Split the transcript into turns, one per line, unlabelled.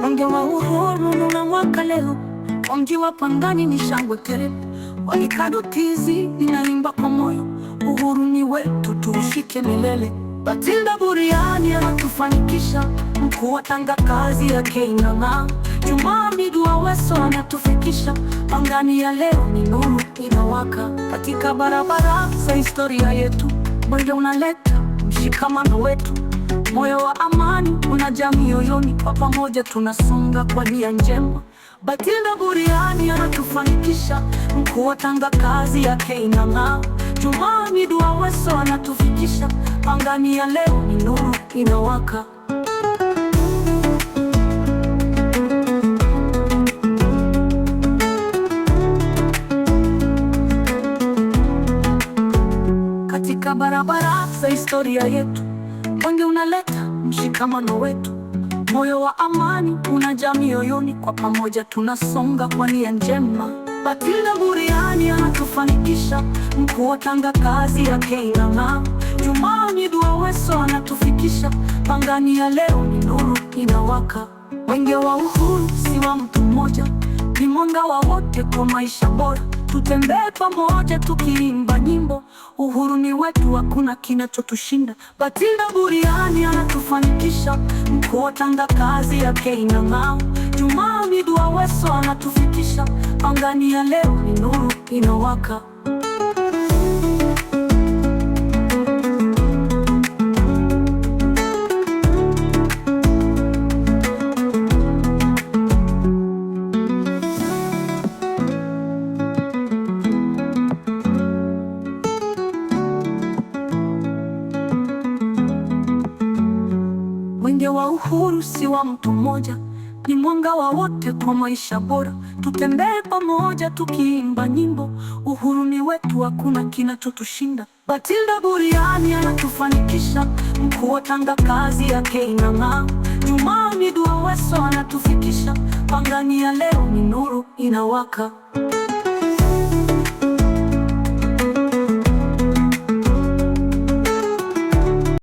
Mwenge wa uhuru unawaka leo kwa mji wa Pangani ni shangwe tele, walikadotizi ninaimba kwa moyo, uhuru ni wetu tuushike milele. Batilda Buriani anatufanikisha, mkuu wa Tanga kazi yake inang'aa. Juma Hamidu Aweso anatufikisha Pangani ya leo ni nuru inawaka katika barabara za historia yetu. Mwenge unaleta mshikamano wetu moyo wa amani unajaa mioyoni, kwa pamoja tunasonga kwa nia njema. Batilda Buriani anatufanikisha, mkuu wa Tanga kazi yake inang'aa. Jumani Dua Weso anatufikisha angani, ya leo ni nuru inawaka. Katika barabara za historia yetu unaleta mshikamano wetu, moyo wa amani unajaa mioyoni, kwa pamoja tunasonga kwa nia njema. Batilda Buriani anatufanikisha, mkuu wa Tanga kazi yake inang'aa. Juma Mjidwa Weso anatufikisha, Pangani ya leo ni nuru inawaka, mwenge wa uhuru si wa mtu mmoja wake kwa maisha bora, tutembee pamoja tukiimba nyimbo, uhuru ni wetu, hakuna kinachotushinda. Batilda Buriani anatufanikisha, mkuu wa Tanga kazi yake inang'aa. Jumaa Hamid aweso Weso anatufikisha angani, ya leo ni nuru inawaka. wa uhuru si wa mtu mmoja, ni mwanga wa wote kwa maisha bora. Tutembee pamoja tukiimba nyimbo, uhuru ni wetu, hakuna kinachotushinda. Batilda Buriani anatufanikisha, mkuu wa Tanga kazi yake inang'aa. Jumaa Midi wa anatufikisha, Pangani ya leo ni nuru inawaka.